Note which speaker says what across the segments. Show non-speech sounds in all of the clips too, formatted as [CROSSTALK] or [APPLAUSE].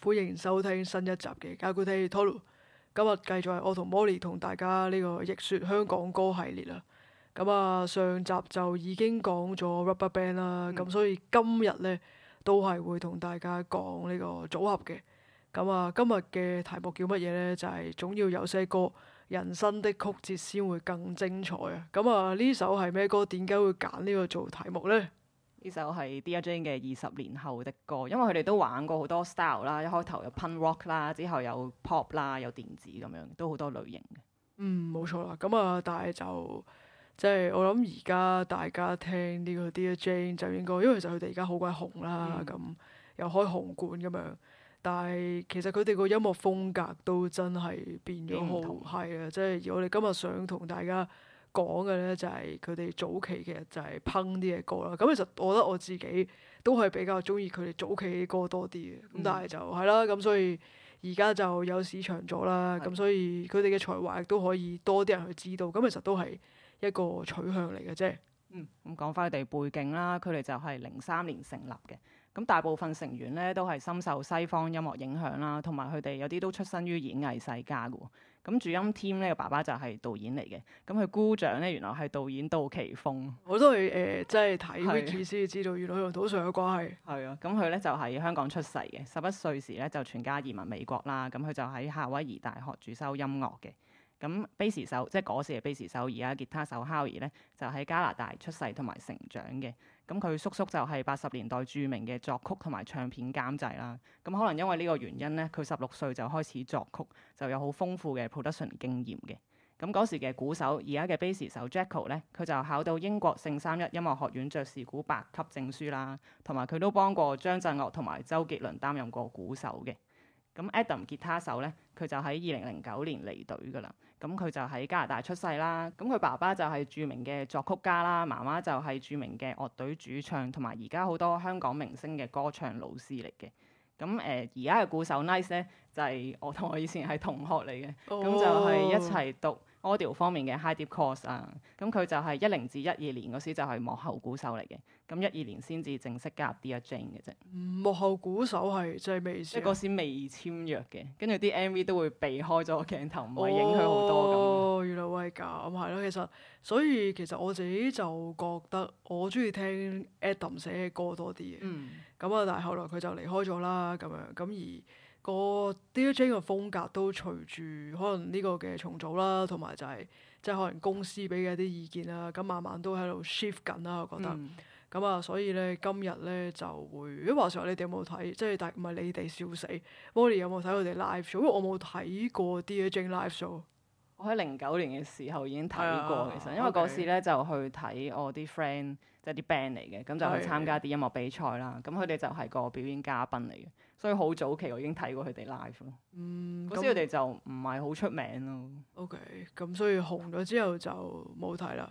Speaker 1: 歡迎收聽新一集嘅《解故題》，討論今日繼續係我同 Molly 同大家呢個逆說香港歌系列啦。咁啊，上集就已經講咗 RubberBand 啦，咁所以今日咧都係會同大家講呢個組合嘅。咁啊，今日嘅題目叫乜嘢咧？就係總要有些歌，人生的曲折先會更精彩啊！
Speaker 2: 咁啊，呢首係咩歌？點解會揀呢個做題目咧？呢首係 Dear Jane 嘅二十年後的歌，因為佢哋都玩過好多 style 啦，一開頭有 punk rock 啦，之後有 pop 啦，有電子咁樣，都好多類型
Speaker 1: 嘅。嗯，冇錯啦。咁啊，但係就即係、就是、我諗而家大家聽呢個 Dear Jane 就應該，因為其實佢哋而家好鬼紅啦，咁、嗯、又開紅館咁樣。但係其實佢哋個音樂風格都真係變咗好，係啊、嗯，即係而我哋今日想同大家，講嘅咧就係佢哋早期嘅就係烹啲嘅歌啦，咁其實我覺得我自己都係比較中意佢哋早期嘅歌多啲嘅，咁但係就係啦，咁所以而家就有市場咗啦，咁所以佢哋嘅才華亦都可以多啲人去知道，咁其實都係一
Speaker 2: 個取向嚟嘅啫。嗯，咁講返佢哋背景啦，佢哋就係零三年成立嘅。咁大部分成員咧都係深受西方音樂影響啦，同埋佢哋有啲都出身於演藝世家嘅喎。咁主音 team 咧，爸爸就係導演嚟嘅。咁佢姑丈咧，原來係導演杜琪峰，我都係誒，即係睇佢先知道原來佢同土生嘅關係。係啊，咁佢咧就喺、是、香港出世嘅，十一歲時咧就全家移民美國啦。咁佢就喺夏威夷大學主修音樂嘅。咁 Bass 手即係嗰時嘅 Bass 手，而家吉他手 Howie 咧就喺加拿大出世同埋成長嘅。咁佢叔叔就係八十年代著名嘅作曲同埋唱片監製啦。咁可能因為呢個原因咧，佢十六歲就開始作曲，就有好豐富嘅 production 經驗嘅。咁嗰時嘅鼓手，而家嘅 Bass 手 Jackal 咧，佢就考到英國聖三一音樂學院爵士鼓八級證書啦。同埋佢都幫過張震岳同埋周杰倫擔任過鼓手嘅。咁 Adam 吉他手咧，佢就喺二零零九年離隊噶啦。咁佢就喺加拿大出世啦。咁佢爸爸就係著名嘅作曲家啦，媽媽就係著名嘅樂隊主唱，同埋而家好多香港明星嘅歌唱老師嚟嘅。咁誒而家嘅鼓手 Nice 咧，就係、是、我同我以前係同學嚟嘅，咁、oh. 就係一齊讀。Audio 方面嘅 High Deep Course 啊，咁、嗯、佢就係一零至一二年嗰時就係幕後鼓手嚟嘅，咁一二年先至正式加入 Dear Jane 嘅啫。
Speaker 1: 幕後鼓手係即係未，即係嗰時
Speaker 2: 未簽約嘅，跟住啲
Speaker 1: MV 都會避開咗個鏡頭，唔會影佢好多咁。哦、樣原來係咁，係咯，其實所以其實我自己就覺得我中意聽 Adam 寫嘅歌多啲嘅。嗯，咁啊，但係後來佢就離開咗啦，咁樣咁而。個 Dear Jane 嘅風格都隨住可能呢個嘅重組啦，同埋就係、是、即係可能公司俾嘅一啲意見啦，咁慢慢都喺度 shift 緊啦，我覺得。咁、嗯、啊，所以咧今日咧就會，如果話時話你哋有冇睇，即係但唔係你哋笑死，Molly 有冇睇佢哋 live show？因為我冇睇過 Dear Jane live show。
Speaker 2: 我喺零九年嘅時候已經睇過，其實、哎、呀因為嗰時咧 Okay. 就去睇我啲 friend，即係啲 band 嚟嘅，咁、就是、就去參加啲音樂比賽啦。咁佢哋就係個表演嘉賓嚟嘅，所以好早期我已經睇過佢哋 live 咯。嗯，嗰時佢哋就唔係好出名咯。OK，咁所以紅咗之後就冇睇啦。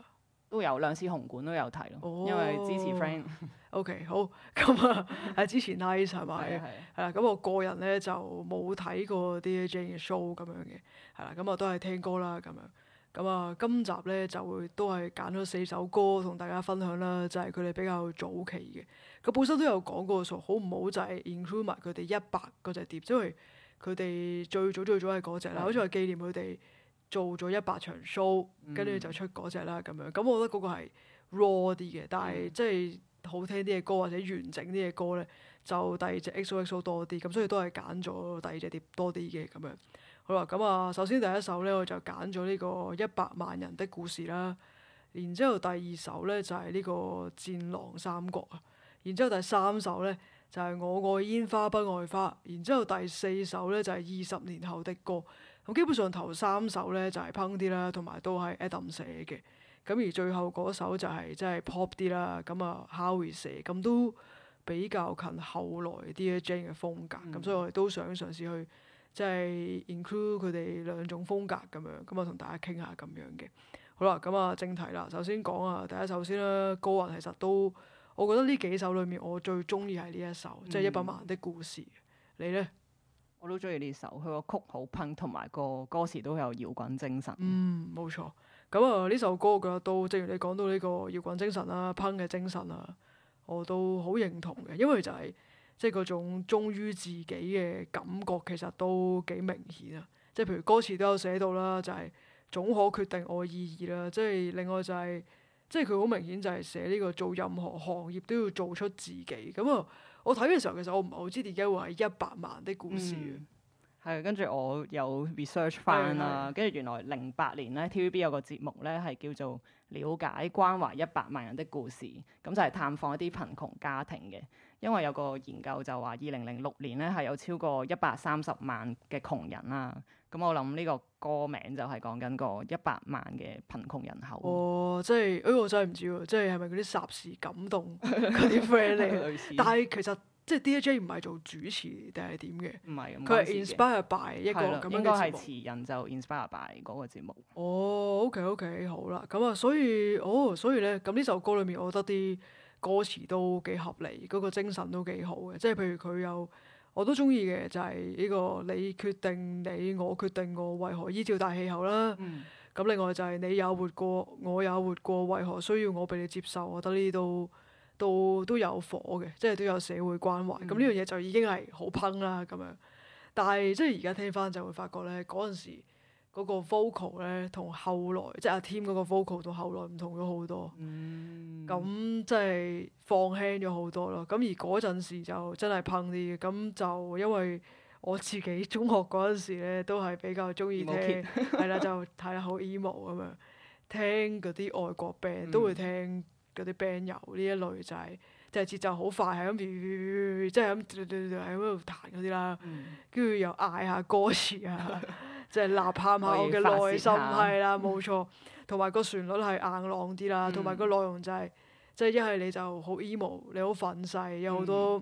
Speaker 2: 都有兩支紅館都有睇咯，oh, 因為支持 Frank。 [LAUGHS] O.K. 好，咁啊，
Speaker 1: 係、嗯、之前 Nice 係咪？係啦 [LAUGHS] 吧，咁我個人咧就冇睇過 d j a 嘅 show 咁樣嘅，係啦，咁我、嗯、都係聽歌啦咁樣。咁、嗯、啊，今集咧就會都係揀咗四首歌同大家分享啦，就係佢哋比較早期嘅。佢本身都有講過話好唔好就係 include 埋佢哋一百嗰隻碟，因為佢哋最早最早係嗰隻啦，嗯、好似係紀念佢哋，做咗一百場 show，跟住就出嗰隻啦咁樣。咁我覺得嗰個係 raw 啲嘅，但係、嗯、即係好聽啲嘅歌或者完整啲嘅歌咧，就第二隻 XOXO 多啲。咁所以都係揀咗第二隻碟多啲嘅咁樣。好啦，咁啊，首先第一首咧我就揀咗呢個一百萬人的故事啦。然之後第二首咧就係、是、呢、這個戰狼三國啊。然之後第三首咧就係、是、我愛煙花不愛花。然之後第四首咧就係、是、二十年後的歌。咁基本上頭三首咧就係、是、punk 啲啦，同埋都係 Adam 寫嘅。咁而最後嗰首就係即係 pop 啲啦。咁啊，Howie 寫，咁都比較近後來 Dear Jane 嘅風格。咁、嗯、所以我哋都想嘗試去即係、就是、include 佢哋兩種風格咁樣。咁啊，同大家傾下咁樣嘅。好啦，咁啊，正題啦。首先講啊，第一首先啦，歌啊其實都，我覺得呢幾首裏面我最中意係
Speaker 2: 呢一首，即係、嗯、一百萬的故事。你咧？我都中意呢首，佢個曲好噴，同埋個歌詞都有搖滾精神。嗯，冇錯。咁、嗯、啊，呢首歌嘅都
Speaker 1: 正如你講到呢個搖滾精神啦、噴嘅精神啊，我都好認同嘅。因為就係即係嗰種忠於自己嘅感覺，其實都幾明顯啊。即係譬如歌詞都有寫到啦，就係、是、總可決定我意義啦。即、就、係、是、另外就係、是，即係佢好明顯就係寫呢個做任何行業都要做出自己咁啊。嗯
Speaker 2: 我睇嘅時候，其實我唔係好知點解會係一百萬的故事嘅，嗯，跟住我有 research 翻啦，跟住原來零八年咧 TVB 有個節目咧係叫做了解關懷一百萬人的故事，咁就係探訪一啲貧窮家庭嘅。因為有個研究就話，二零零六年咧係有超過一百三十萬嘅窮人啦、啊。咁、嗯、我諗呢個歌名就係講緊個一百萬嘅貧窮人口。哦，即係誒、哎，我真係唔知喎，即係係咪嗰啲霎時感動嗰啲 friend 嚟？但係其
Speaker 1: 實即係 DJ 唔係做主持定係點嘅？唔係，佢係 inspired by 一個咁樣嘅節目。應該係詞
Speaker 2: 人就 inspired by 嗰個節目。
Speaker 1: 哦，OK OK，好啦，咁啊，所以哦，所以咧，咁呢首歌裏面我覺得啲，歌詞都幾合理，嗰個精神都幾好嘅，即係譬如佢有我都中意嘅，就係呢個你決定你，我決定我，為何依照大氣候啦？咁，嗯，另外就係你有活過，我也活過，為何需要我畀你接受？我覺得呢度都都都有火嘅，即係都有社會關懷。咁呢樣嘢就已經係好噴啦咁樣，但係即係而家聽返就會發覺咧，嗰陣時。嗰個 vocal 咧，同後來即阿 Tim 嗰個 vocal 到後來唔同咗好多，咁即係放輕咗好多咯。咁而嗰陣時就真係抨啲嘅，咁就因為我自己中學嗰陣時咧，都係比較中意聽，係啦，就睇得好 emo 咁樣，聽嗰啲外國 band 都會聽嗰啲 band 友呢一類仔，就係節奏好快，係咁跳，即係咁喺度彈嗰啲啦，跟住又嗌下歌詞啊。即係吶喊下我嘅內心係啦，冇錯。同埋、嗯、個旋律係硬朗啲啦，同埋、嗯、個內容就係即係一係你就好 emo，你好憤世，有好多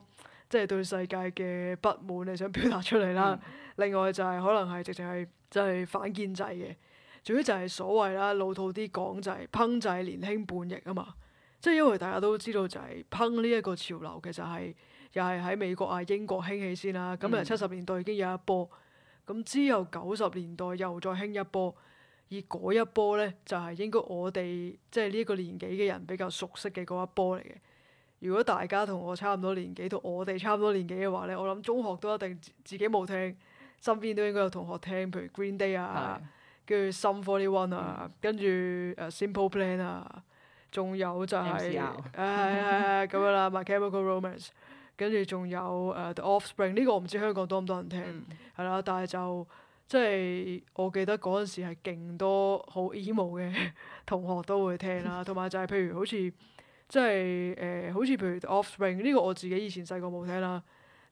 Speaker 1: 即係、嗯、對世界嘅不滿你想表達出嚟啦。嗯、另外就係可能係直情係即係反建制嘅。仲有就係所謂啦，老土啲講就係烹製年輕叛逆啊嘛。即係因為大家都知道就係烹呢一個潮流其實就係又係喺美國啊英國興起先啦。咁其實七十年代已經有一波。嗯嗯咁之後九十年代又再興一波，而嗰一波咧就係、是、應該我哋即係呢個年紀嘅人比較熟悉嘅嗰一波嚟嘅。如果大家同我差唔多年紀，同我哋差唔多年紀嘅話咧，我諗中學都一定自己冇聽，身邊都應該有同學聽，譬如 Green Day 啊，跟住 Sum 41啊，嗯、跟住誒、uh, Simple Plan 啊，仲有就係誒咁樣啦，My Chemical Romance。跟住仲有誒 The Offspring 呢個我唔知香港多唔多人聽，係啦、嗯，但係就即係我記得嗰陣時係勁多好 emo 嘅同學都會聽啦，同埋、嗯、就係、是、譬如好似即係誒好似譬如 The Offspring 呢個我自己以前細個冇聽啦，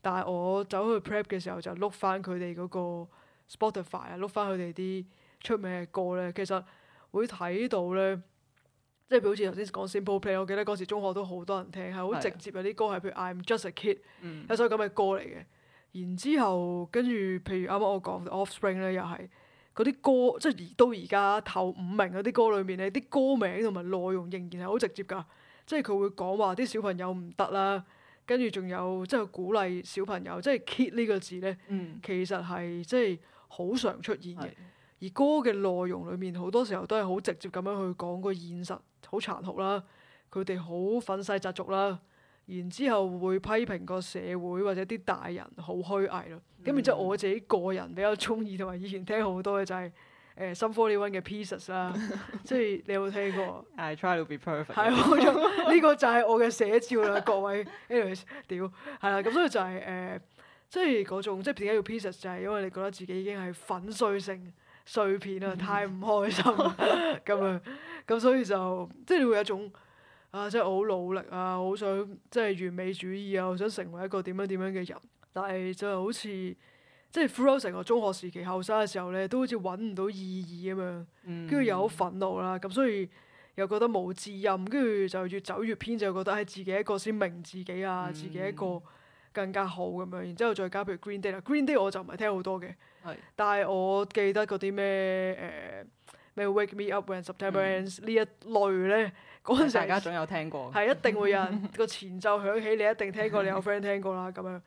Speaker 1: 但係我走去 prep 嘅時候就 look 翻佢哋嗰個 Spotify 啊，look 翻佢哋啲出名嘅歌咧，其實會睇到咧。即係譬如好似頭先講 Simple Plan，我記得嗰時中學都好多人聽，係好直接嗰啲歌係譬如 I'm just a kid，有首咁嘅歌嚟嘅。然之後跟住譬如啱啱我講 Offspring 咧，又係嗰啲歌，即係到而家頭五名嗰啲歌裏面咧，啲歌名同埋內容仍然係好直接㗎。即係佢會講話啲小朋友唔得啦，跟住仲有即係鼓勵小朋友。即係 kid 呢個字咧，嗯、其實係即係好常出現嘅。嗯、而歌嘅內容裏面好多時候都係好直接咁樣去講個現實。好殘酷啦，佢哋好憤世嫉俗啦，然之後會批評個社會或者啲大人好虛偽啦。咁、嗯、然之後我自己個人比較中意同埋以前聽好多嘅就係、是、誒《呃、Sum、um、41》嘅 Pieces 啦， [LAUGHS] 即係你有冇聽過
Speaker 2: ？I try to be perfect、嗯。係嗰種
Speaker 1: 呢個就係我嘅寫照啦，各位。 [LAUGHS] Alex，、anyway，屌，係、嗯、啦，咁所以就係、是、誒、呃，即係嗰種即係點解叫 Pieces 就係因為你覺得自己已經係粉碎性碎片啦，太唔開心咁樣。 [LAUGHS] [LAUGHS] [LAUGHS] 咁所以就即係你會有一種啊，即係我好努力啊，好想即係完美主義啊，好想成為一個點樣點樣嘅人。但係就好似即係 flow 成個中學時期後生嘅時候咧，都好似揾唔到意義咁樣，跟住、嗯、又好憤怒啦、啊。咁所以又覺得冇知音，跟住就越走越偏，就覺得係自己一個先明自己啊，嗯、自己一個更加好咁樣。然之後再加譬如 Green Day 啦，Green Day 我就唔係聽好多嘅，是但係我記得嗰啲咩誒。呃 May Wake Me Up When September Ends 呢、嗯、一類咧，嗰陣時大家總有聽過，係一定會有人個 [LAUGHS] 前奏響起，你一定聽過，你有 friend 聽過啦咁樣，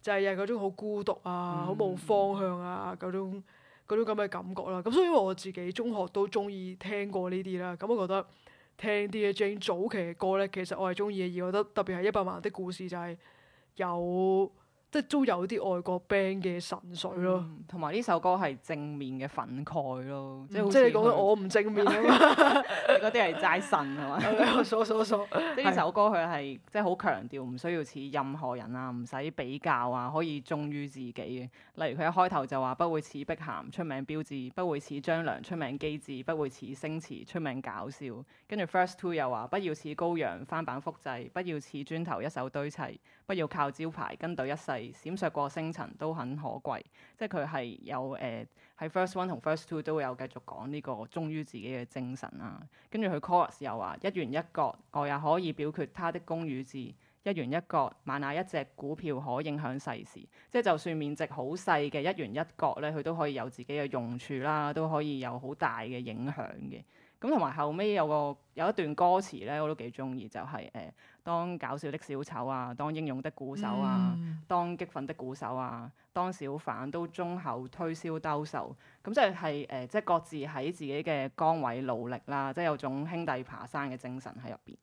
Speaker 1: 就係、是、有嗰種好孤獨啊，好冇方向啊嗰、嗯、種嗰種咁嘅感覺啦。咁所以我自己中學都中意聽過呢啲啦，咁我覺得聽 Dear Jane 早期嘅歌咧，其實我係中意嘅，而我覺得特別係一百萬的故事就係
Speaker 2: 有。即係都有啲外國 band 嘅神髓咯、嗯，同埋呢首歌係正面嘅憤慨咯，即係好似你講我唔正面 [LAUGHS] 啊嘛，嗰啲係齋神啊嘛，數數數，呢 [LAUGHS] [LAUGHS] 首歌佢係即係好強調唔需要似任何人啊，唔使比較啊，可以忠於自己嘅。例如佢一開頭就話不會似碧咸出名標誌，不會似張良出名機智，不會似星馳出名搞笑。跟住 first two 又話不要似羔羊翻版複製，不要似磚頭一手堆砌，不要靠招牌跟隊一世。閃爍過星塵都很可貴，即係佢係有誒喺、呃、First One 同 First Two 都會有繼續講呢個忠於自己嘅精神啦、啊。跟住佢 Chorus 又話：一元一角，我也可以表決他的公與字。一元一角，買哪一隻股票可影響世事。即係就算面值好細嘅一元一角咧，佢都可以有自己嘅用處啦，都可以有好大嘅影響嘅。咁同埋後尾有個有一段歌詞咧，我都幾中意，就係、是、誒、呃，當搞笑的小丑啊，當英勇的鼓手啊，當激憤的鼓手啊，當小販都忠厚推銷兜售，咁即係係誒，即係各自喺自己嘅崗位努力啦，即係有種兄弟爬山嘅精神喺入邊。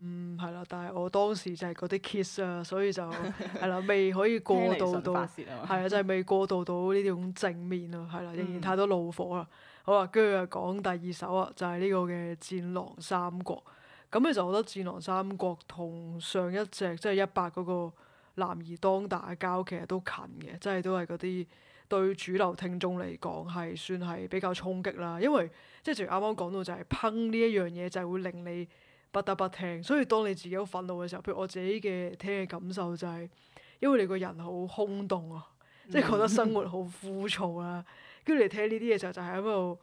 Speaker 1: 嗯，係啦，但係我當時就係嗰啲 kiss 啊，所以就係啦， [LAUGHS] 未可以過渡到，係 [LAUGHS] 啊，即係、就是、未過渡到呢種正面啊，係啦，仍然太多怒火啦。好啊，跟住又講第二首啊，就係、是、呢個嘅《戰狼三國》。咁其實我覺得《戰狼三國》同上一隻即係、就是、一百嗰個《男兒當打》交，其實都近嘅，即係都係嗰啲對主流聽眾嚟講係算係比較衝擊啦。因為即係正如啱啱講到就係烹呢一樣嘢，就係會令你不得不聽。所以當你自己好憤怒嘅時候，譬如我自己嘅聽嘅感受就係、是，因為你個人好空洞啊，即、就、係、是、覺得生活好枯燥啦、啊。嗯 [LAUGHS] 跟住你聽呢啲嘢時候，就係喺度，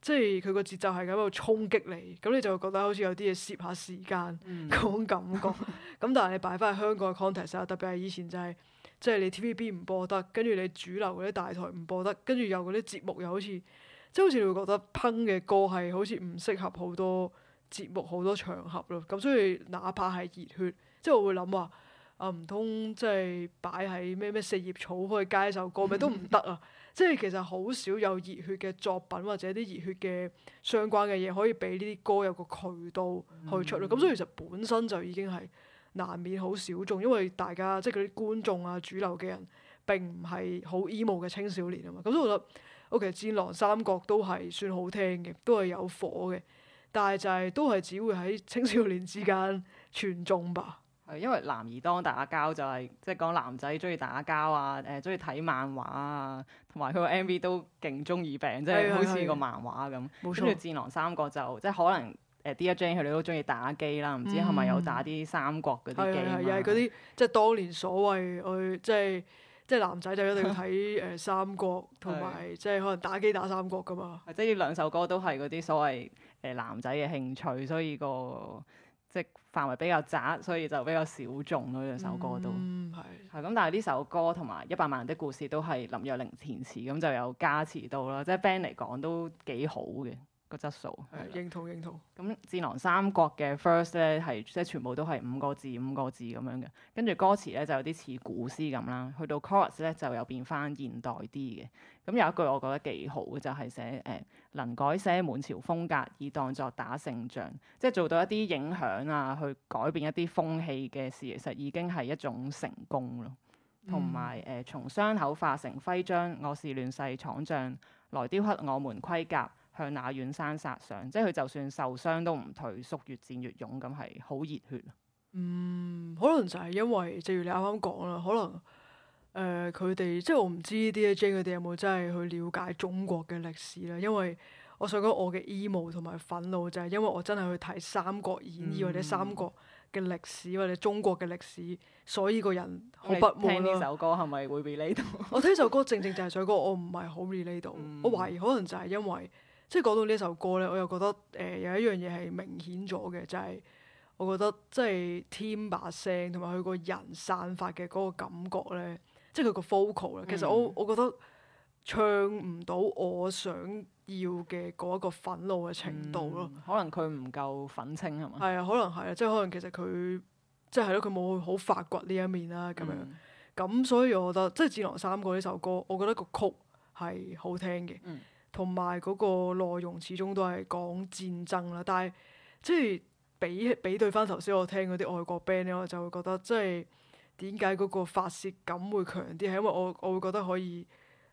Speaker 1: 即係佢個節奏係喺度衝擊你，咁你就會覺得好似有啲嘢攝下時間嗰種感覺。咁、嗯、 [LAUGHS] 但係你擺翻喺香港嘅 context 特別係以前就係、是，即、就、係、是、你 TVB 唔播得，跟住你主流嗰啲大台唔播得，跟住有嗰啲節目又好似，即、就、係、是、好似你會覺得烹嘅歌係好似唔適合好多節目好多場合咯。咁所以哪怕係熱血，即、就、係、是、我會諗話，啊唔通即係擺喺咩咩四葉草可以加一首歌咪都唔得啊！嗯 [LAUGHS] 即係其實好少有熱血嘅作品或者啲熱血嘅相關嘅嘢可以俾呢啲歌有個渠道去出咯。咁、嗯、所以其實本身就已經係難免好小眾，因為大家即係嗰啲觀眾啊、主流嘅人並唔係好 emo 嘅青少年啊嘛。咁所以我覺得，OK，戰狼三國都係算好聽嘅，都係有火嘅，但係就係都係只會喺青少年之間傳頌吧。
Speaker 2: 因為男兒當打交、就是，就係即係講男仔中意打交啊，誒中意睇漫畫啊，同埋佢個 MV 都勁中二病，即係好似個漫畫咁。冇錯，戰狼三國就即係、就是、可能誒 DJ 佢哋都中意打機啦，唔知係咪有打啲三國嗰啲機？係係係嗰啲即係當年所謂去即係即係男仔就一定睇誒、呃、三國，同埋即係可能打機打三國噶嘛。即係、就是、呢兩首歌都係嗰啲所謂誒、呃、男仔嘅興趣，所以個。.即係範圍比較窄，所以就比較小眾咯。呢、嗯也嗯、首歌都係咁，但係呢首歌同埋一百萬人的故事都係林若寧填詞，咁就有加持到啦。即係 band 嚟講都幾好嘅。個質素係認同，認同。咁《戰狼三國》呢嘅 first 咧，係即係全部都係五個字五個字咁樣嘅。跟住歌詞咧就有啲似古詩咁啦，去到 chorus 咧就有變返現代啲嘅。咁有一句我覺得幾好嘅就係、是、寫誒、呃、能改寫滿朝風格，以當作打勝仗，即係做到一啲影響啊，去改變一啲風氣嘅事，其實已經係一種成功咯。同埋誒從傷口化成徽章，我是亂世闖將，來雕刻我們盔甲。向那遠山殺上，即係佢就算受傷都唔退縮，越戰越勇咁，係好熱血。嗯，可能就係因為正如你啱啱講
Speaker 1: 啦，可能誒佢哋即係我唔知 DJ a 佢哋有冇真係去了解中國嘅歷史啦。因為我想講我嘅 emo 同埋憤怒，就係因為我真係去睇《三國演義》嗯、或者《三國》嘅歷史或者中國嘅歷史，所以個人好不滿。呢首
Speaker 2: 歌係咪會 relate 到？
Speaker 1: [LAUGHS] 我聽首歌，正正就係想講我唔係好 relate 到。嗯、我懷疑可能就係因為。即係講到呢首歌咧，我又覺得誒、呃、有一樣嘢係明顯咗嘅，就係、是、我覺得即係 timbre 把聲同埋佢個人散發嘅嗰個感覺咧，即係佢個 focus 啦。其實我、嗯、我覺得唱唔到我想要嘅嗰一個憤怒嘅程度咯、嗯。可能佢唔夠憤青係咪？係啊，可能係啊，即、就、係、是、可能其實佢即係咯，佢冇好發掘呢一面啦咁樣。咁、嗯、所以我覺得即係《戰狼三》嗰呢首歌，我覺得個曲係好聽嘅。嗯同埋嗰個內容始終都係講戰爭啦，但係即係比比對翻頭先我聽嗰啲外國 band 咧，我就會覺得即係點解嗰個發泄感會強啲？係因為我我會覺得可以誒、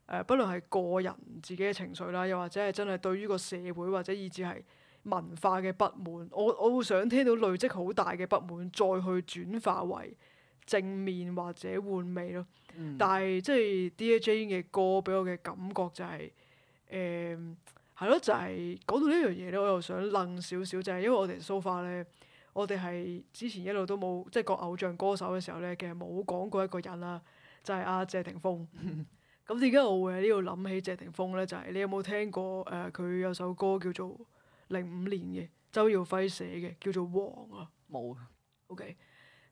Speaker 1: 呃，不論係個人自己嘅情緒啦，又或者係真係對於個社會或者以至係文化嘅不滿，我我會想聽到累積好大嘅不滿，再去轉化為正面或者換味咯。嗯、但係即係 Dear Jane 嘅歌俾我嘅感覺就係、是。誒，係咯、嗯，就係、是、講到呢樣嘢咧，我又想愣少少，就係、是、因為我哋 Sofa 咧，我哋係之前一路都冇即係講偶像歌手嘅時候咧，其實冇講過一個人啦，就係、是、阿謝霆鋒。咁點解我會喺呢度諗起謝霆鋒咧，就係、是、你有冇聽過誒？佢、呃、有首歌叫做《零五年》嘅，周耀輝寫嘅，叫做《王》啊。冇有。OK。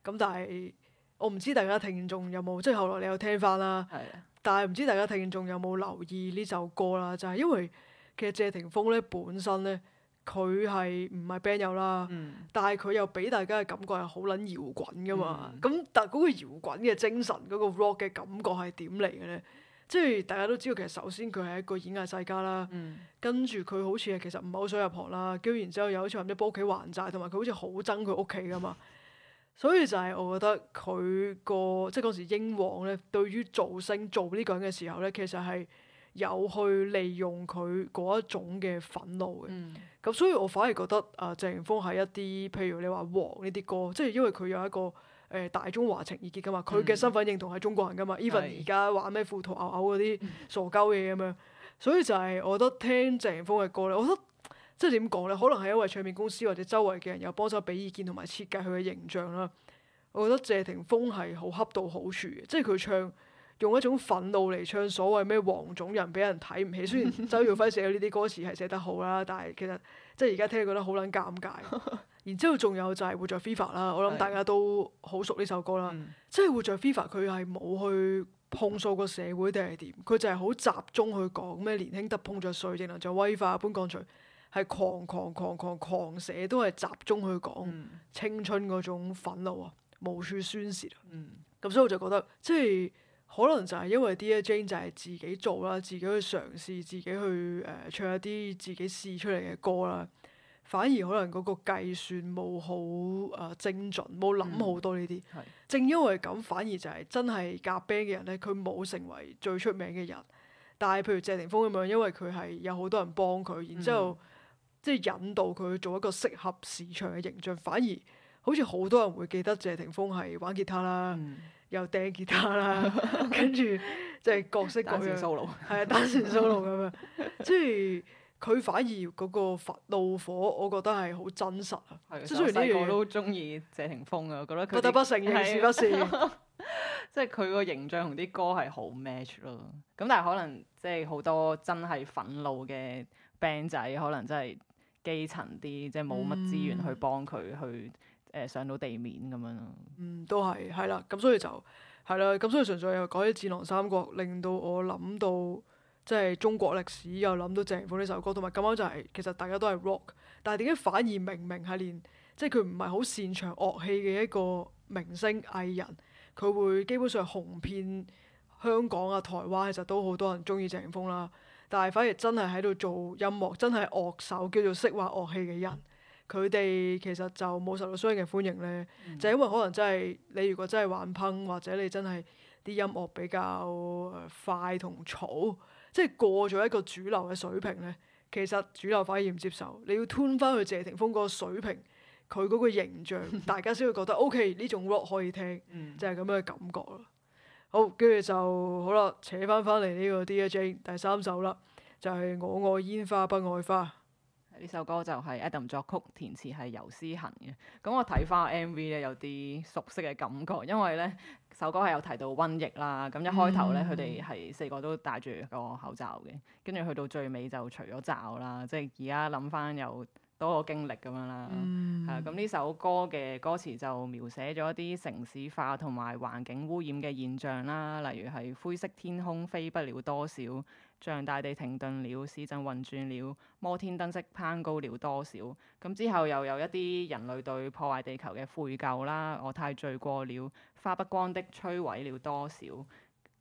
Speaker 1: 咁但係我唔知大家聽眾有冇，即、就、係、是、後來你有聽翻啦。係但係唔知大家聽眾有冇留意呢首歌啦？就係、是、因為其實謝霆鋒咧本身咧，佢係唔係 band 友啦？但係佢又俾大家嘅感覺係好撚搖滾噶嘛？咁、嗯、但係嗰個搖滾嘅精神，嗰、那個 rock 嘅感覺係點嚟嘅咧？即係大家都知道，其實首先佢係一個演藝世家啦。跟住佢好似係其實唔係好想入行啦，跟住然之後又好似話唔知幫屋企還債，同埋佢好似好憎佢屋企噶嘛。嗯。所以就係我覺得佢個即係嗰時英皇咧，對於造星做呢個人嘅時候咧，其實係有去利用佢嗰一種嘅憤怒嘅。咁、嗯、所以我反而覺得啊，謝、呃、霆鋒係一啲譬如你話黃呢啲歌，即係因為佢有一個誒、呃、大中華情義結噶嘛，佢嘅身份認同係中國人噶嘛。even 而家玩咩富圖牛牛嗰啲傻鳩嘢咁樣，所以就係我覺得聽謝霆鋒嘅歌咧，我覺得。即係點講咧？可能係因為唱片公司或者周圍嘅人有幫手俾意見同埋設計佢嘅形象啦。我覺得謝霆鋒係好恰到好處嘅，即係佢唱，用一種憤怒嚟唱所謂咩黃種人俾人睇唔起。雖然周耀輝寫嘅呢啲歌詞係寫得好啦，但係其實即係而家聽覺得好撚尷尬。 [LAUGHS] 然之後仲有就係、是《活著 VIVA》啦，我諗大家都好熟呢首歌啦。的即係《活著 VIVA》，佢係冇去控訴個社會定係點，佢就係好集中去講咩年輕得碰着水，亦能像威化般乾脆。係狂狂狂狂狂寫，都係集中去講青春嗰種憤怒，啊，無處宣洩。咁、嗯、所以我就覺得，即係可能就係因為 Dear Jane 就係自己做啦，自己去嘗試，自己去誒、呃、唱一啲自己試出嚟嘅歌啦。反而可能嗰個計算冇好誒精準，冇諗好多呢啲。嗯、正因為咁，反而就係真係夾 band 嘅人咧，佢冇成為最出名嘅人。但係譬如謝霆鋒咁樣，因為佢係有好多人幫佢，然之後、嗯。即係引導佢做一個適合市場嘅形象，反而好似好多人會記得謝霆鋒係玩吉他啦，嗯、又掟吉他啦， [LAUGHS] 跟住即係各式各樣 solo 係啊，單線 solo 咁樣，即係佢反而嗰個怒火我我，我覺得係好真實啊！即係雖然呢啲我都
Speaker 2: 中意謝霆鋒啊，我覺得佢。不得不承認，是不是？即係佢個形象同啲歌係好 match 咯。咁但係可能即係好多真係憤怒嘅 band 仔，可能真係。基層啲，即係冇乜資源去幫佢去誒、嗯、上到地面咁樣咯。嗯，都係，係啦。咁所以就係
Speaker 1: 啦。咁所以純粹又講起《戰狼三國》，令到我諗到即係中國歷史，又諗到謝霆鋒呢首歌，同埋咁啱就係、是、其實大家都係 rock，但係點解反而明明係連即係佢唔係好擅長樂器嘅一個明星藝人，佢會基本上紅遍香港啊、台灣，其實都好多人中意謝霆鋒啦。但係反而真係喺度做音樂，真係樂手叫做識玩樂器嘅人，佢哋、嗯、其實就冇受到相應嘅歡迎咧。嗯、就因為可能真係你如果真係玩 punk，或者你真係啲音樂比較快同嘈，即係過咗一個主流嘅水平咧，其實主流反而唔接受。你要 tune 翻去謝霆鋒個水平，佢嗰個形象，嗯、大家先會覺得 OK 呢種 rock 可以聽，就係咁樣嘅感覺啦。好，跟住就好啦，扯翻翻嚟呢個 Dear Jane 第三首啦，就
Speaker 2: 係、是、我愛煙花不愛花呢首歌就係 Adam 作曲，填詞係游思行嘅。咁我睇翻 M V 咧，有啲熟悉嘅感覺，因為咧首歌係有提到瘟疫啦。咁一開頭咧，佢哋係四個都戴住個口罩嘅，跟住去到最尾就除咗罩啦。即係而家諗翻有。多個經歷咁樣啦，嚇咁呢首歌嘅歌詞就描寫咗一啲城市化同埋環境污染嘅現象啦，例如係灰色天空飛不了多少，像大地停頓了，市鎮運轉了，摩天燈式攀高了多少。咁之後又有一啲人類對破壞地球嘅悔疚啦，我太罪過了，花不光的摧毀了多少。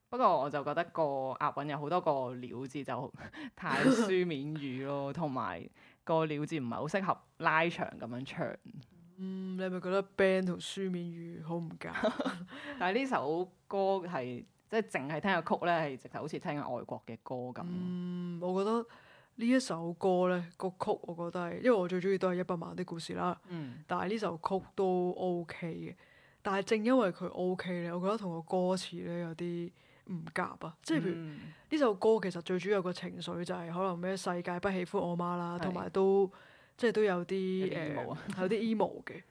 Speaker 2: 不過我就覺得個押韻有好多個了字就 [LAUGHS] 太書面語咯，同埋。個鳥字唔係好適合拉長咁樣唱。嗯，你係咪覺得 band 同書面語好唔夾？ [LAUGHS] [LAUGHS] 但係呢首歌係即係淨係聽個曲咧，係直頭好似聽個外國嘅歌咁。嗯，我覺得
Speaker 1: 呢一首歌咧個曲，我覺得係，因為我最中意都係一百萬的故事啦。嗯。但係呢首曲都 OK 嘅，但係正因為佢 OK 咧，我覺得同個歌詞咧有啲。唔夾啊！即係譬如呢首歌，其實最主要個情緒就係可能咩世界不喜歡我媽啦，同埋都即係都有啲誒有啲 emo 嘅，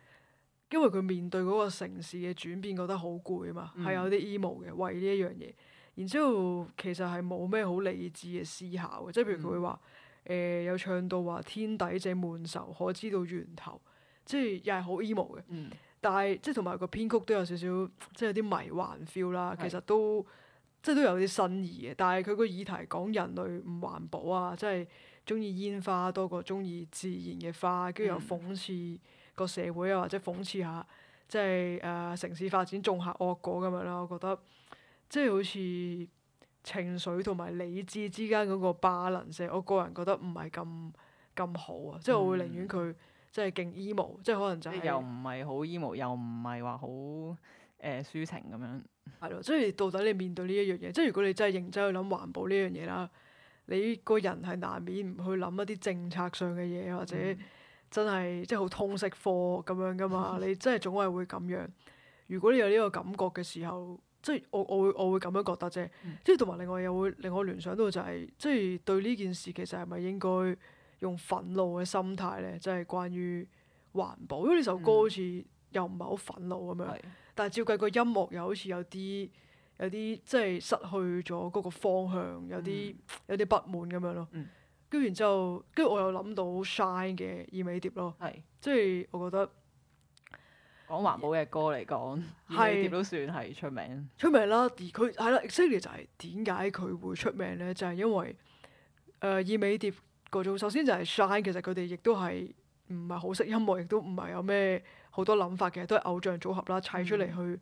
Speaker 1: 因為佢面對嗰個城市嘅轉變，覺得好攰啊嘛，係有啲 emo 嘅，為呢一樣嘢。然之後其實係冇咩好理智嘅思考嘅，即係譬如佢會話誒有唱到話天底正悶愁可知道源頭，即係又係好 emo 嘅。但係即係同埋個編曲都有少少即係啲迷幻 feel 啦，其實都。即都有啲新意嘅，但係佢個議題講人類唔環保啊，即係中意煙花多過中意自然嘅花，跟住又諷刺個社會啊，嗯、或者諷刺下即係誒、呃、城市發展種下惡果咁樣啦。我覺得即係好似情緒同埋理智之間嗰個平衡性，
Speaker 2: 我個人覺得唔係咁咁好啊。即係我會寧願佢、嗯、即係勁 emo，即係可能就係、是、又唔係好 emo，又唔係話好。誒、呃、抒情咁樣，係 [NOISE] 咯，
Speaker 1: 即係到底你面對呢一樣嘢，即係如果你真係認真去諗環保呢樣嘢啦，你個人係難免唔去諗一啲政策上嘅嘢，或者真係即係好通識科咁樣噶嘛，你真係總係會咁樣。如果你有呢個感覺嘅時候，即係我我會我會咁樣覺得啫。 [NOISE] 即係同埋另外又會令我聯想到就係、是，即係對呢件事其實係咪應該用憤怒嘅心態咧？即係關於環保，因為呢首歌好似又唔係好憤怒咁樣。 [NOISE] 但係照計個音樂又好似有啲有啲即係失去咗嗰個方向，有啲、嗯、有啲不滿咁樣咯。跟住、嗯、然之後，跟住我又諗到 Shine 嘅《燕尾蝶》咯，是即係我覺得
Speaker 2: 講環保嘅歌嚟講，而《是燕尾蝶》都算係出名。
Speaker 1: 出名啦，而佢係啦 Actually 就係點解佢會出名咧？就係、是、因為誒、呃《燕尾蝶》嗰種首先就係 Shine，其實佢哋亦都係唔係好識音樂，亦都唔係有咩。好多諗法嘅都係偶像組合啦，砌出嚟去、嗯、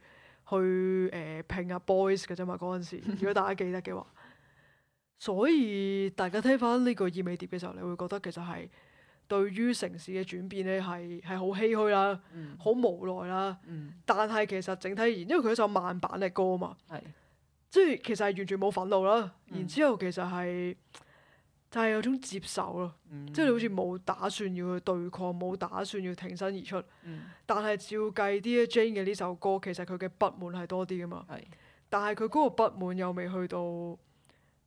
Speaker 1: 去誒、呃、拼下 boys 嘅啫嘛嗰陣時，如果大家記得嘅話， [LAUGHS] 所以大家聽翻呢、呢個《燕尾蝶》嘅時候，你會覺得其實係對於城市嘅轉變咧，係係好唏噓啦，好、嗯、無奈啦。嗯、但係其實整體而言，因為佢一首慢板嘅歌嘛，是的 即係其實係完全冇憤怒啦。嗯、然後之後其實係。就係有種接受咯，嗯、即係你好似冇打算要去對抗，冇打算要挺身而出。嗯、但係照計 Dear Jane 嘅呢首歌，其實佢嘅不滿係多啲噶嘛。的但係佢嗰個不滿又未去到，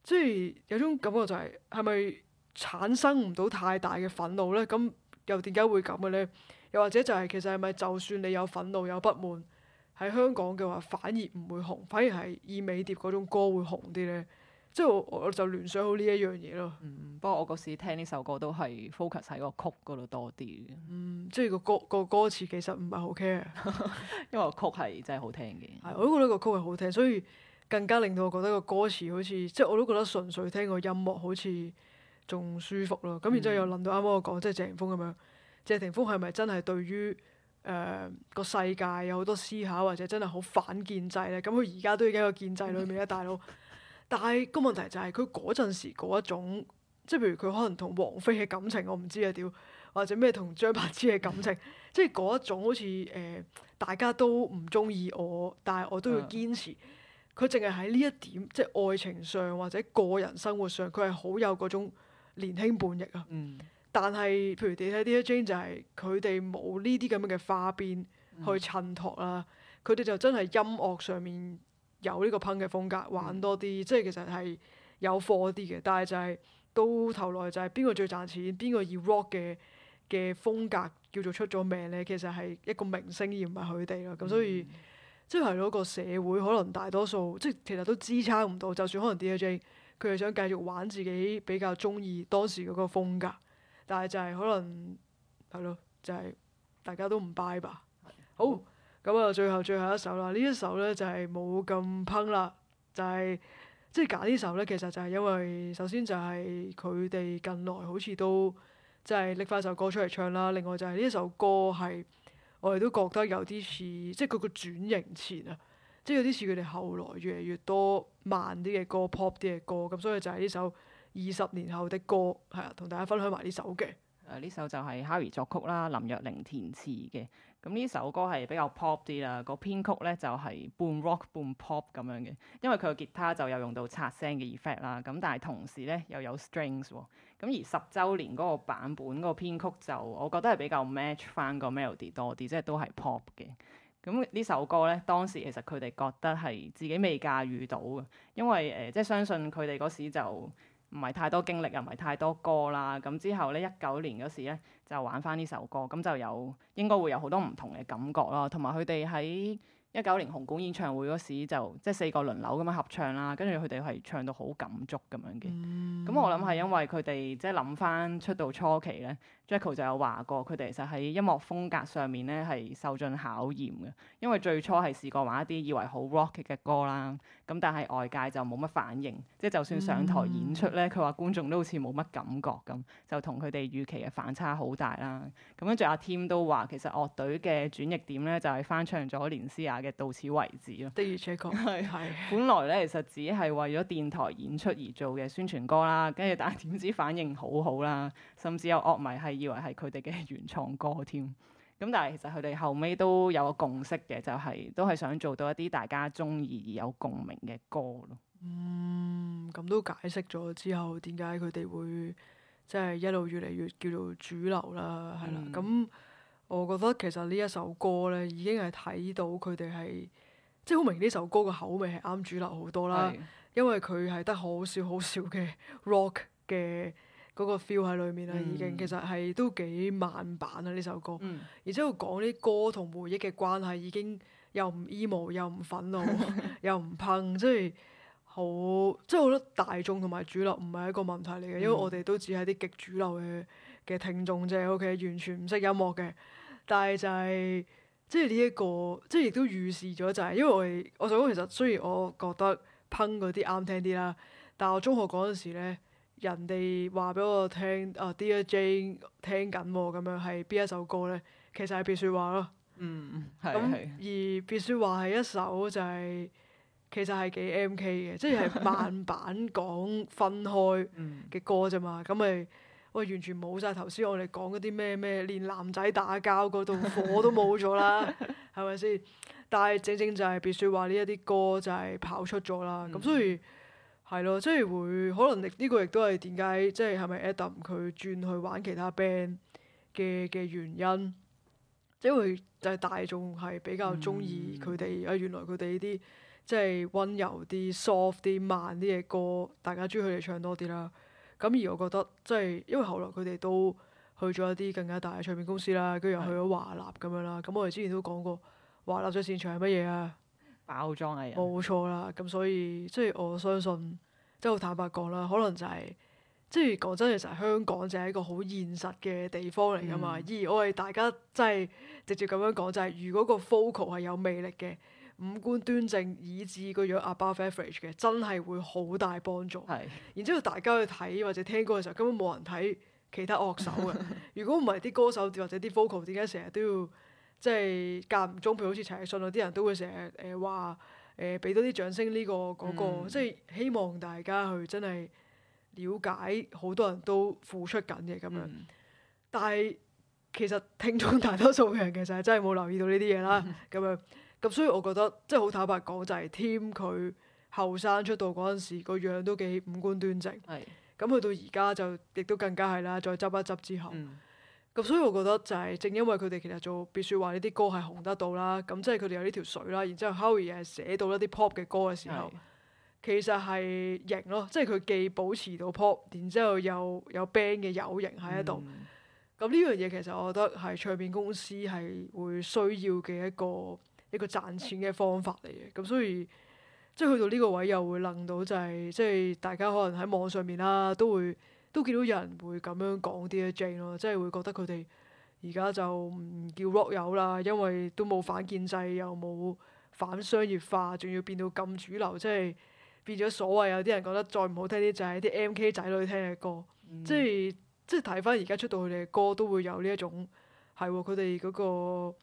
Speaker 1: 即係有種感覺就係係咪產生唔到太大嘅憤怒咧？咁又點解會咁嘅咧？又或者就係、是、其實係咪就算你有憤怒有不滿，喺香港嘅話反而唔會紅，反而係以美碟嗰種歌會紅啲咧？即係我我就聯想好呢一樣嘢咯。不
Speaker 2: 過、嗯、我嗰時聽呢首歌都係 focus 喺個曲嗰度多啲。嗯，即係個歌個歌詞其實唔係好 care，因為個曲係真係好聽嘅。係， [LAUGHS] 我都覺得個曲係好聽，所以
Speaker 1: 更加令到我覺得個歌詞好似即係我都覺得純粹聽個音樂好似仲舒服咯。咁、嗯、然之後又諗到啱啱我講即係謝霆鋒咁樣，謝霆鋒係咪真係對於誒個、呃、世界有好多思考，或者真係好反建制咧？咁佢而家都已經喺個建制裡面啦，大佬。但係個問題就係佢嗰陣時嗰一種，即係譬如佢可能同王菲嘅感，感情，我唔知係點，或者咩同張柏芝嘅感情，即係嗰一種好似誒、呃，大家都唔中意我，但係我都要堅持。佢淨係喺呢一點，即係愛情上或者個人生活上，佢係好有嗰種年輕叛逆啊。Mm. 但係譬如你睇睇《Dear Jane》，就係佢哋冇呢啲咁嘅花邊去襯托啦，佢哋、mm. 就真係音樂上面。有呢個烹嘅風格玩多啲，即係其實係有貨啲嘅，但係就係、是、到頭來就係邊個最賺錢，邊個要 rock 嘅嘅風格叫做出咗名咧？其實係一個明星而唔係佢哋咯。咁、嗯、所以即係係咯，個社會可能大多數即係其實都支撐唔到，就算可能 DJ 佢係想繼續玩自己比較中意當時嗰個風格，但係就係可能係咯，就係、是、大家都唔 buy 吧。的好。咁啊、嗯，最後最後一首啦，呢一首咧就係冇咁烹啦，就係即係揀呢首咧，其實就係因為首先就係佢哋近來好似都即係拎翻首歌出嚟唱啦，另外就係呢一首歌係我哋都覺得有啲似，即係佢個轉型前啊，即係有啲似佢哋後來越嚟越多慢啲嘅歌、pop 啲嘅歌，咁所以就係呢首二十年後的歌，
Speaker 2: 係啊，同大家分享埋呢首嘅。誒、呃，呢首就係 Harry 作曲啦，林若寧填詞嘅。咁呢首歌係比較 pop 啲啦，個編曲咧就係、是、半 rock 半 pop 咁樣嘅，因為佢嘅吉他就有用到擦聲嘅 effect 啦。咁但係同時咧又有 strings 喎。咁而十週年嗰個版本嗰個編曲就我覺得係比較 match 翻個 melody 多啲，即係都係 pop 嘅。咁呢首歌咧當時其實佢哋覺得係自己未駕馭到嘅，因為誒、呃、即係相信佢哋嗰時就。唔係太多經歷，又唔係太多歌啦。咁之後咧，一九年嗰時咧就玩翻呢首歌，咁就有應該會有好多唔同嘅感覺咯。同埋佢哋喺一九年紅館演唱會嗰時就，就即係四個輪流咁樣合唱啦。跟住佢哋係唱到好感觸咁樣嘅。咁、嗯、我諗係因為佢哋即係諗翻出道初期咧。Jaco 就有話過，佢哋其實喺音樂風格上面咧係受盡考驗嘅，因為最初係試過玩一啲以為好 rock 嘅歌啦，咁但係外界就冇乜反應，即係就算上台演出咧，佢話、嗯、觀眾都好似冇乜感覺咁，就同佢哋預期嘅反差好大啦。咁跟住阿 Tim 都話，其實樂隊嘅轉捩點咧就係、是、翻唱咗連詩雅嘅《到此為止》咯。的而且確，係係。本來咧其實只係為咗電台演出而做嘅宣傳歌啦，跟住但係點知反應好好啦，甚至有樂迷係～以為係佢哋嘅原創歌添，咁但係其實佢哋後尾都有個共識嘅，就係、是、都係想做到一啲大家中意而有共鳴嘅歌咯。嗯，
Speaker 1: 咁
Speaker 2: 都解釋咗之後，點
Speaker 1: 解佢哋會即係、就是、一路越嚟越叫做主流啦？係啦、嗯，咁我覺得其實呢一首歌咧，已經係睇到佢哋係即係好明呢首歌嘅口味係啱主流好多啦，的因為佢係得好少好少嘅 rock 嘅。嗰個 feel 喺裏面啦，已經、嗯、其實係都幾慢板啦呢首歌，嗯、而且佢講啲歌同回憶嘅關係已經又唔 emo 又唔憤怒 [LAUGHS] 又唔 punk，即係好即係我覺得大眾同埋主流唔係一個問題嚟嘅，因為我哋都只係啲極主流嘅嘅聽眾啫，OK，完全唔識音樂嘅，但係就係即係呢一個即係亦都預示咗就係，因為我我想講其實雖然我覺得 punk 嗰啲啱聽啲啦，但係我中學嗰陣時咧。人哋話俾我聽，啊、oh, Dear Jane 聽緊喎，咁樣係邊一首歌咧？其實係別説話咯。
Speaker 2: 咁、嗯、那
Speaker 1: 而別説話係一首就係、是、其實係幾 M.K. 嘅， [LAUGHS] 即係慢板講分開嘅歌咋嘛？咁咪、就是、喂完全冇晒頭先我哋講嗰啲咩咩，連男仔打交嗰度火都冇咗啦，係咪先？但係正正就係別説話呢一啲歌就係跑出咗啦。咁所以，嗯係咯，即係會可能呢個亦都係點解即係係咪 Adam 佢轉去玩其他 band 嘅嘅原因？因為就係大眾係比較中意佢哋啊，嗯、原來佢哋呢啲即係溫柔啲、soft 啲、慢啲嘅歌，大家中意佢哋唱多啲啦。咁而我覺得即係因為後來佢哋都去咗一啲更加大嘅唱片公司啦，跟住又去咗華納咁樣啦。咁的我哋之前都講過華納最擅長係乜嘢啊？包裝藝人，冇錯啦。咁所以即係、就是、我相信，即係坦白講啦，可能就係、是、即係講真其實香港就係一個好現實嘅地方嚟噶嘛。嗯、而我哋大家即係直接咁樣講，就係、是、如果個 vocal 係有魅力嘅，五官端正，以致個樣 above average 嘅，真係會好大幫助。是 然之後大家去睇或者聽歌嘅時候，根本冇人睇其他樂手嘅。 [LAUGHS] 如果唔係啲歌手或者啲 vocal 點解成日都要？即係間唔中，譬如好似陳奕迅咯，啲人都會成日誒話誒俾多啲掌聲呢個嗰個，那個嗯、即係希望大家去真係了解好多人都付出緊嘅咁樣。嗯、但係其實聽眾大多數嘅人其實真係冇留意到呢啲嘢啦，咁、嗯、樣咁所以我覺得即係好坦白講，就係添佢後生出道嗰陣時個樣都幾五官端正，係咁去到而家就亦都更加係啦，再執一，執一執之後。嗯咁所以我覺得就係正因為佢哋其實做別説話呢啲歌係紅得到啦，咁即係佢哋有呢條水啦，然之後 Harry 係寫到一啲 pop 嘅歌嘅時候，是其實係型咯，即係佢既保持到 pop，然之後又有，有 band 嘅有型喺一度。咁呢樣嘢其實我覺得係唱片公司係會需要嘅一個一個賺錢嘅方法嚟嘅。咁所以即係去到呢個位又會楞到就係、是、即係大家可能喺網上面啦都會。都見到有人會咁樣講 Dear Jane 咯，即係會覺得佢哋而家就唔叫 rock 友啦，因為都冇反建制，又冇反商業化，仲要變到咁主流，即係變咗所謂有啲人覺得再唔好聽啲，就係、是、啲 M.K 仔女聽嘅歌，嗯、即係即係睇翻而家出到佢哋嘅歌，都會有呢一種係喎，佢哋嗰個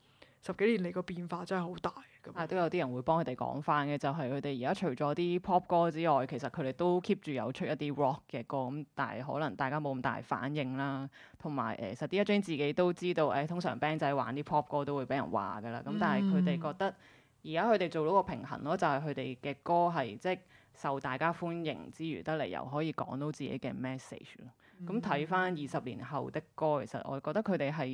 Speaker 2: 十幾年嚟個變化真係好大。啊，都有啲人會幫佢哋講返嘅，就係佢哋而家除咗啲 pop 歌之外，其實佢哋都 keep 住有出一啲 rock 嘅歌，咁但係可能大家冇咁大反應啦。同埋誒，實啲一張自己都知道，誒、哎、通常 band 仔玩啲 pop 歌都會俾人話㗎啦。咁但係佢哋覺得而家佢哋做到個平衡咯，就係佢哋嘅歌係即係受大家歡迎之餘，得嚟又可以講到自己嘅 message。咁睇翻二十年後的歌，其實我覺得佢哋係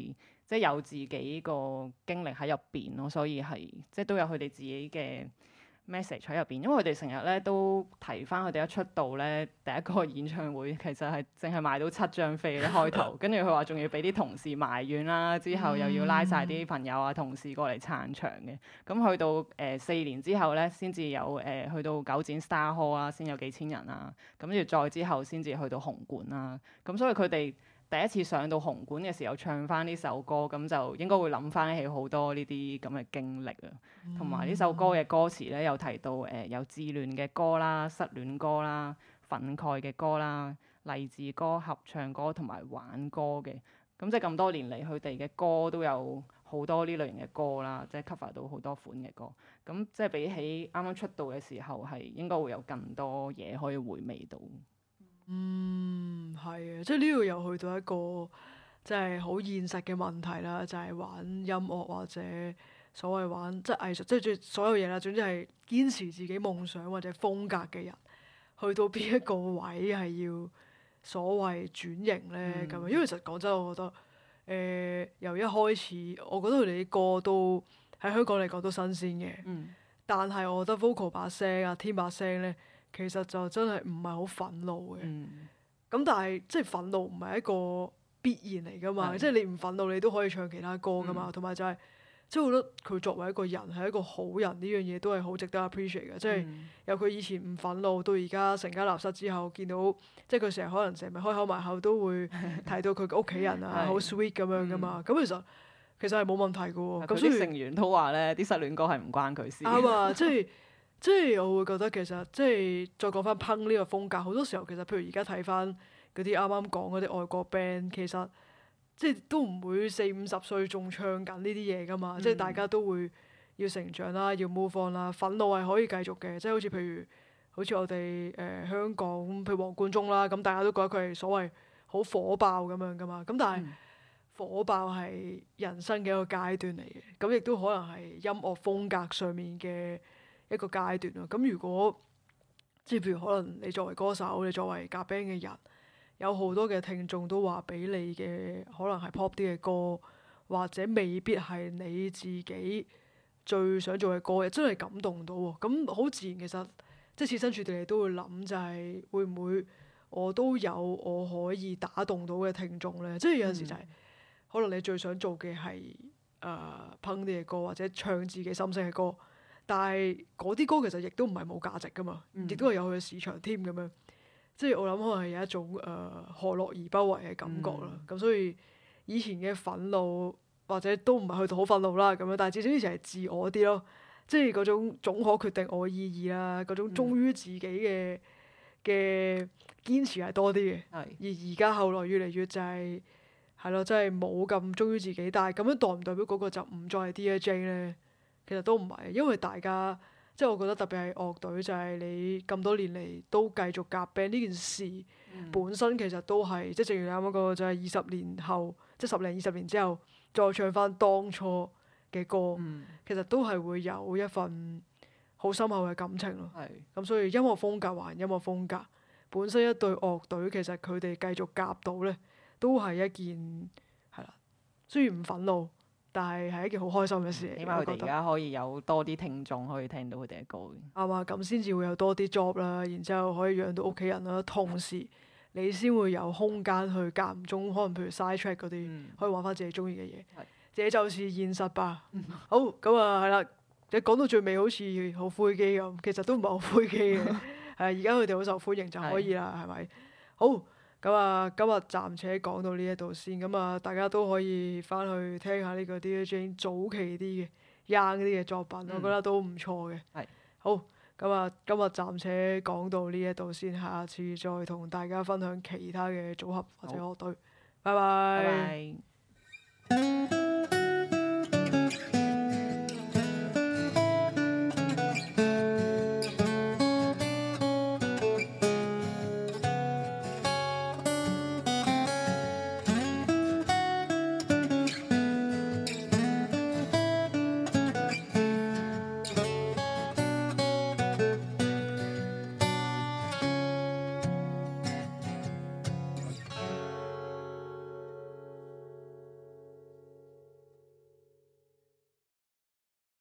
Speaker 2: 即係有自己個經歷喺入邊咯，所以係即係都有佢哋自己嘅 message 喺入邊，因為佢哋成日咧都提翻佢哋一出道咧第一個演唱會其實係淨係買到七張飛咧開頭，跟住佢話仲要俾啲同事埋怨啦，之後又要拉晒啲朋友啊、同事過嚟撐場嘅，咁去到誒四、呃、年之後咧，先至有誒、呃、去到九展 Star Hall 啊，先有幾千人啊，咁跟住再之後先至去到紅館啦、啊，咁所以佢哋。第一次上到紅館嘅時候唱翻呢首歌，咁就應該會諗翻起好多呢啲咁嘅經歷啊，同埋呢首歌嘅歌詞咧，有提到誒、呃、有自戀嘅歌啦、失戀歌啦、憤慨嘅歌啦、勵志歌、合唱歌同埋玩歌嘅，咁即係咁多年嚟佢哋嘅歌都有好多呢類型嘅歌啦，即係 cover 到好多款嘅歌，咁即係比起啱啱出道嘅時候係應該會有更多嘢可以回味到。
Speaker 1: 嗯，係啊，即係呢個又去到一個即係好現實嘅問題啦，就係，是，玩音樂或者所謂玩即係藝術，即係最所有嘢啦。總之係堅持自己夢想或者風格嘅人，去到邊一個位係要所謂轉型咧咁。嗯、因為其實講真，我覺得誒、呃、由一開始我覺得佢哋啲歌都喺香港嚟講都新鮮嘅，嗯、但係我覺得 vocal 把聲啊、添把聲咧。其實就真係唔係好憤怒嘅，咁、嗯、但係即係憤怒唔係一個必然嚟噶嘛，嗯、即係你唔憤怒你都可以唱其他歌噶嘛，同埋、嗯、就係即係我覺得佢作為一個人係一個好人呢樣嘢都係好值得 appreciate 嘅，即係、嗯、由佢以前唔憤怒到而家成家立室之後，見到即係佢成日可能成日開口埋口都會 [LAUGHS] 提到佢嘅屋企人啊好 sweet 咁樣噶嘛，咁、嗯嗯、其實其實係冇問題嘅。
Speaker 2: 咁所以成員都話咧，啲失戀歌係唔關佢事啊即係。
Speaker 1: 即係我會覺得其實即係再講翻 punk 呢個風格，好多時候其實譬如而家睇翻嗰啲啱啱講嗰啲外國 band，其實即係都唔會四五十歲仲唱緊呢啲嘢噶嘛。嗯、即係大家都會要成長啦，要 move on 啦。憤怒係可以繼續嘅，即係好似譬如好似我哋誒、呃、香港，譬如黃貫中啦，咁大家都覺得佢係所謂好火爆咁樣噶嘛。咁但係火爆係人生嘅一個階段嚟嘅，咁亦都可能係音樂風格上面嘅。一個階段咯，咁如果即係譬如可能你作為歌手，你作為夾 band 嘅人，有好多嘅聽眾都話俾你嘅可能係 pop 啲嘅歌，或者未必係你自己最想做嘅歌，又真係感動到喎。咁好自然其實即係設身處地你都會諗，就係會唔會我都有我可以打動到嘅聽眾咧？即係有陣時就係、是嗯、可能你最想做嘅係誒 pop 啲嘅歌，或者唱自己心聲嘅歌。但係嗰啲歌其實亦都唔係冇價值噶嘛，亦、嗯、都係有佢嘅市場添咁樣。即係我諗可能係有一種誒、呃、何樂而不為嘅感覺啦。咁、嗯、所以以前嘅憤怒或者都唔係去到好憤怒啦，咁樣。但係至少以前係自我啲咯，即係嗰種總可決定我嘅意義啦，嗰、嗯、種忠於自己嘅嘅堅持係多啲嘅。嗯、而而家後來越嚟越就係係咯，真係冇咁忠於自己。但係咁樣代唔代表嗰個就唔再係 D J 咧？其實都唔係，因為大家即係我覺得特別係樂隊，就係、是、你咁多年嚟都繼續夾 band 呢件事本身其實都係、嗯、即係正如你啱啱講，就係二十年後即十零二十年之後再唱翻當初嘅歌，嗯、其實都係會有一份好深厚嘅感情咯。咁、嗯、所以音樂風格還音樂風格本身一對樂隊，其實佢哋繼續夾到咧，都係一件係啦，嗯、雖然唔憤怒。但係係一件好開
Speaker 2: 心嘅事，起碼佢哋而家可以有多啲聽眾可以聽到佢哋嘅歌嘅。
Speaker 1: 啱啊，咁先至會有多啲 job 啦，然之後可以養到屋企人啦。同時你先會有空間去間唔中，可能譬如 side track 嗰啲，嗯、可以玩翻自己中意嘅嘢。係是，這就是現實吧。 [LAUGHS] 好，咁啊係啦，你講到最尾好似好灰機咁，其實都唔係好灰機嘅。係而家佢哋好受歡迎就可以啦，係咪是？好。咁啊，今日暫且講到呢一度先。咁啊，大家都可以翻去聽下呢個 Dear Jane 早期啲嘅 young 啲嘅作品，我覺得都唔錯嘅。是的 好，咁啊，今日暫且講到呢一度先，下次再同大家分享其他嘅組合或者樂隊。好 拜拜。拜拜